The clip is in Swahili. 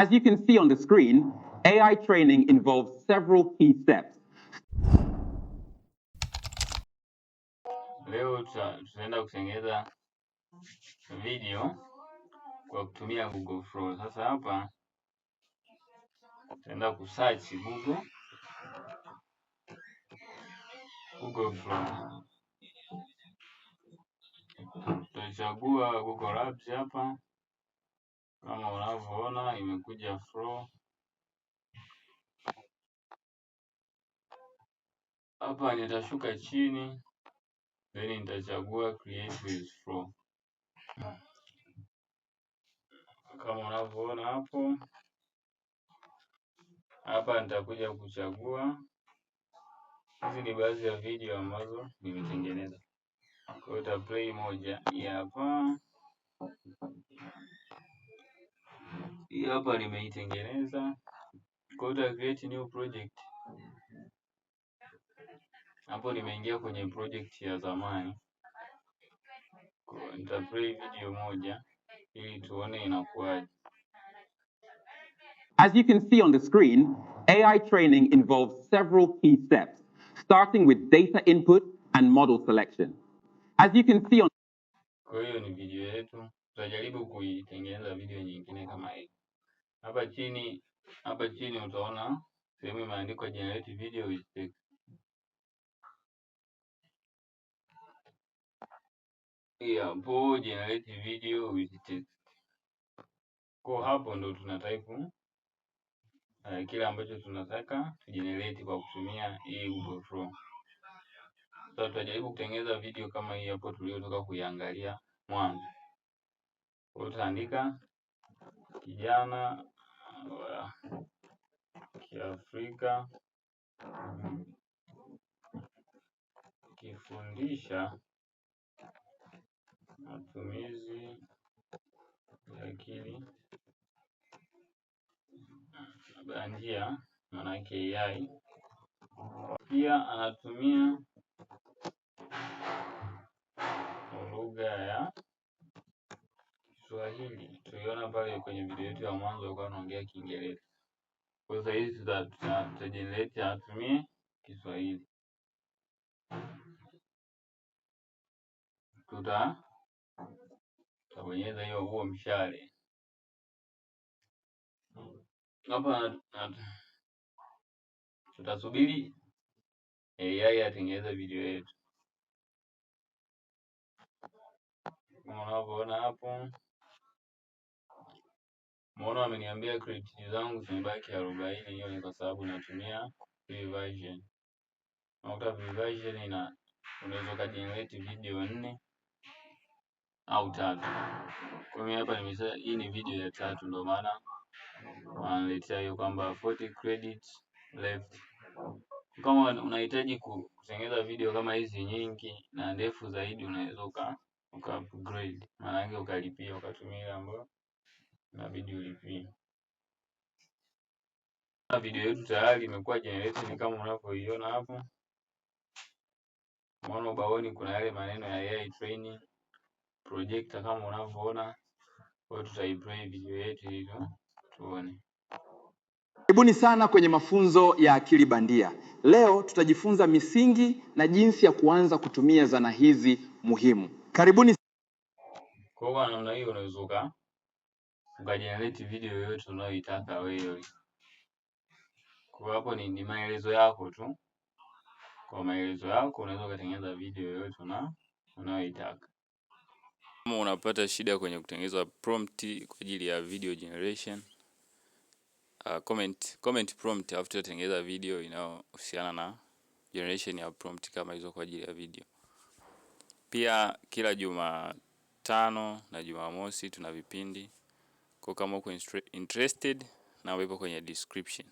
As you can see on the screen, AI training involves several key steps. Leo tutaenda kutengeneza video kwa kutumia Google Flow. Sasa hapa tutaenda kusearch Google Google Flow. Tutachagua Google Labs hapa kama unavyoona imekuja flow hapa, nitashuka chini then nitachagua create with flow kama unavyoona hapo. Hapa nitakuja kuchagua. Hizi ni baadhi ya video ambazo nimetengeneza, kwa hiyo utaplay moja hii hapa. Hii hapa nimeitengeneza. create new project. Hapo nimeingia kwenye project ya zamani. Nitaplay video moja ili tuone inakuwaje. As you can see on the screen, AI training involves several key steps, starting with data input and model selection. As you can see on Kwa hiyo ni video yetu, tutajaribu kuitengeneza video nyingine kama hii. Hapa chini, hapa chini utaona sehemu imeandikwa generate video with text. po generate video with text. Kwa hapo ndo tuna type uh, eh, kile ambacho tunataka tujenerate kwa kutumia hii Google Form. So tutajaribu kutengeneza video kama hii hapo tuliyotoka kuiangalia mwanzo. Kwa hiyo tutaandika kijana wa Kiafrika kifundisha matumizi ya akili bandia, maanake AI, pia anatumia lugha ya Kiswahili. Tuliona pale kwenye video yetu ya mwanzo walikuwa anaongea Kiingereza. Kwa sasa hizi tutajenerate atumie Kiswahili. Tuta tutabonyeza hiyo huo mshale hapa, tutasubiri AI atengeneza video yetu. kama unavyoona hapo. mbona ameniambia credit zangu zimebaki arobaini. Hiyo ni kwa sababu natumia free version. Unakuta free version ina unaweza ukajenerate video nne au tatu. Kwa mimi hapa nimesha, hii ni video ya tatu, ndio maana wanaletea hiyo kwamba 40 credits left. Kama unahitaji kutengeneza video kama hizi nyingi na ndefu zaidi, unaweza uka uka upgrade maanake ukalipia ukatumia ile ambayo inabidi ulipie. Na video yetu tayari imekuwa generated kama unavyoiona hapo. Unaona ubaoni kuna yale maneno ya AI training projector kama unavyoona. Kwa hiyo tutaiplay video yetu hiyo tuone. Karibuni sana kwenye mafunzo ya akili bandia. Leo tutajifunza misingi na jinsi ya kuanza kutumia zana hizi muhimu. Karibuni. Kwa hiyo namna hiyo unaweza uka ukajenerate video yoyote unayoitaka wewe. Kwa hapo ni, ni maelezo yako tu. Kwa maelezo yako unaweza ukatengeneza video yoyote una unayoitaka. Kama unapata shida kwenye kutengeneza prompt kwa ajili ya video generation, uh, comment comment prompt, after tengeneza video inayohusiana na generation ya prompt kama hizo kwa ajili ya video. Pia kila Jumatano na Jumamosi tuna vipindi. Kwa kama uko interested na wepo kwenye description.